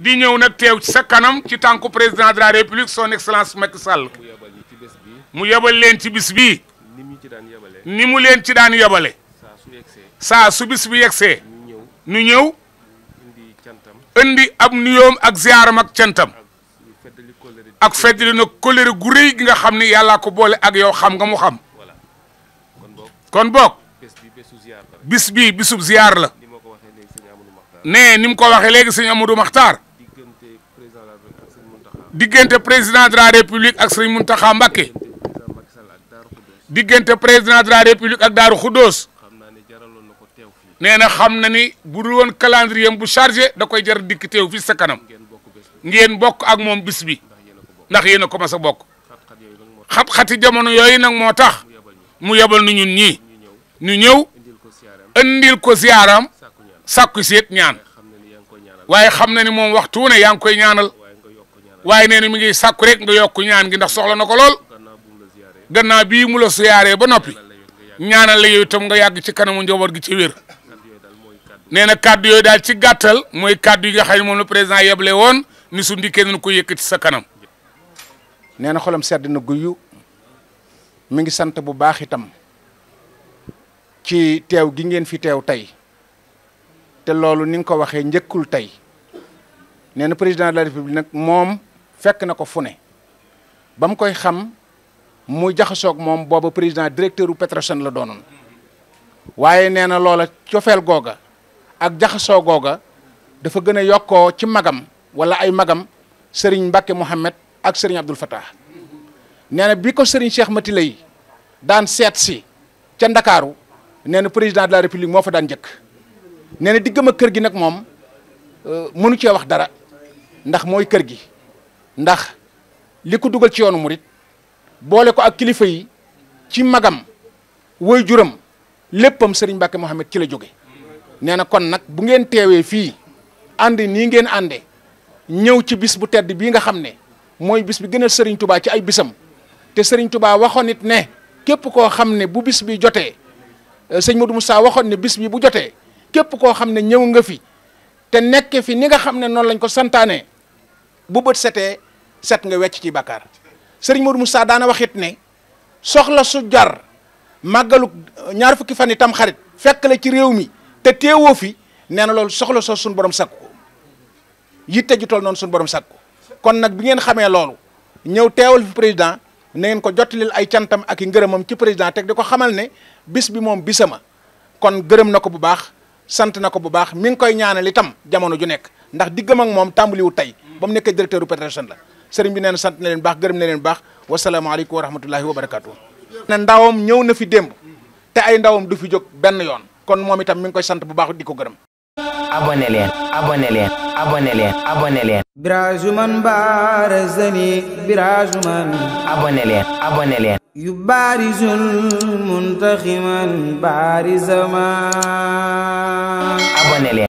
di ñëw nag teew ci sa kanam ci tànku président de la république son excellence Macky sàll mu yebal leen ci bis bii. ni mu ci daan yebale. ni mu leen ci daan yebale. saa su yegsee. saa su bis bi yegsee. ñu ñëw ñu ñëw. indi cantam. indi ab nuyoom ak ziaram ak cantam. ak feddali na colère gu rëy gi nga xam ni yàlla ko boole ak yow xam nga mu xam. kon boog. bis bi bisub ziar la. nee ni mu ko waxee léegi sëñ Amadou Maxtaar. diggante président de la république ak sëriñ Mountakha Mbacké diggante président de la république ak Daaru Khoudoos nee na xam na ni bu dul woon calendrier bu chargé da koy jar dikk teew fii sa kanam ngeen bokk ak moom bis bi ndax yéen a commencé bokk xat-xati jamono yooyu nag moo tax mu yebal nu ñun ñii ñu ñëw andil ko sak sàkku seet ñaan waaye xam na ni moom waxtu ne yaa ngi koy ñaanal. waaye nee na mi ngi sàkku rek nga yokk ñaan gi ndax soxla na ko lool gannaaw bii mu la yaaree ba noppi ñaanal la yow tam nga yàgg ci kanamu njaboot gi ci wér nee na kàddu yooyu daal ci gàttal mooy kàddu yi nga xam ne moom la président yeble woon ni su ndikkee na ko yëkkati sa kanam. nee na xolam sedd na guyu mi ngi sant bu baax itam ci teew gi ngeen fi teew tey te loolu ni nga ko waxee njëkkul tey nee na président de la république nag moom. fekk na ko fu ne ba mu koy xam mu jaxasoog moom booba président directeur u Petrosen la doonoon waaye nee na loola cofeel googa ak jaxasoo googa dafa gën a yokkoo ci magam wala ay magam sëriñ Mbacke Mouhamed ak sëriñ Abdul Fattah nee na bi ko sëriñ Cheikh Mati lay daan seet si ca Ndakaaru nee na président de la république moo fa daan njëkk nee na diggam ak kër gi nag moom euh, mënu cee wax dara ndax mooy kër gi ndax li ko dugal ci yoonu murit boole ko ak kilifa yi ci magam woy juram léppam sëriñ Mbàkke Mohamed ci la jóge nee na kon nag bu ngeen teewee fii ànd nii ngeen ànde ñëw ci bis bu tedd bii nga xam ne mooy bis bi gën sëriñ tubaa ci ay bisam te sëriñ tubaa waxoon it ne képp koo xam ne bu bis bi jotee euh, sëñ Modou Moussa waxoon ne bis bi bu jotee képp koo xam ne ñëw nga fi te nekke fi ni nga xam ne noonu lañ ko santaane bu bët setee set nga wecc ci bàkkaar sëriñ Modou Moussa daana waxit ne soxla su jar màggalu ñaar fukki fan itam xarit fekk la ci réew mi te teewoo fi nee na loolu soxla soo suñu borom sakku ko yitte ju toll noonu suñu borom ko kon nag bi ngeen xamee loolu ñëw teewal fi président ne ngeen ko jottalil ay cantam ak i ngërëmam ci président teg di ko xamal ne bis bi moom bisama kon gërëm na ko bu baax sant na ko bu baax mi ngi koy ñaanal itam jamono ju nekk. ndax diggam ak moom tàmbaliwu tey ba mu nekkee directeur u la sëriñ bi neen sant na leen baax gërëm na leen baax wasalaamaaleykum wa rahmatullahi wa barakatuh ne ndawam ñëw na fi démb te ay ndawam du fi jóg benn yoon kon moom itam mi ngi koy sant bu baax di ko gërëm abonné leen abonné leen abonné leen abonné leen birajuman leen yu barizul muntaximan barizaman abonné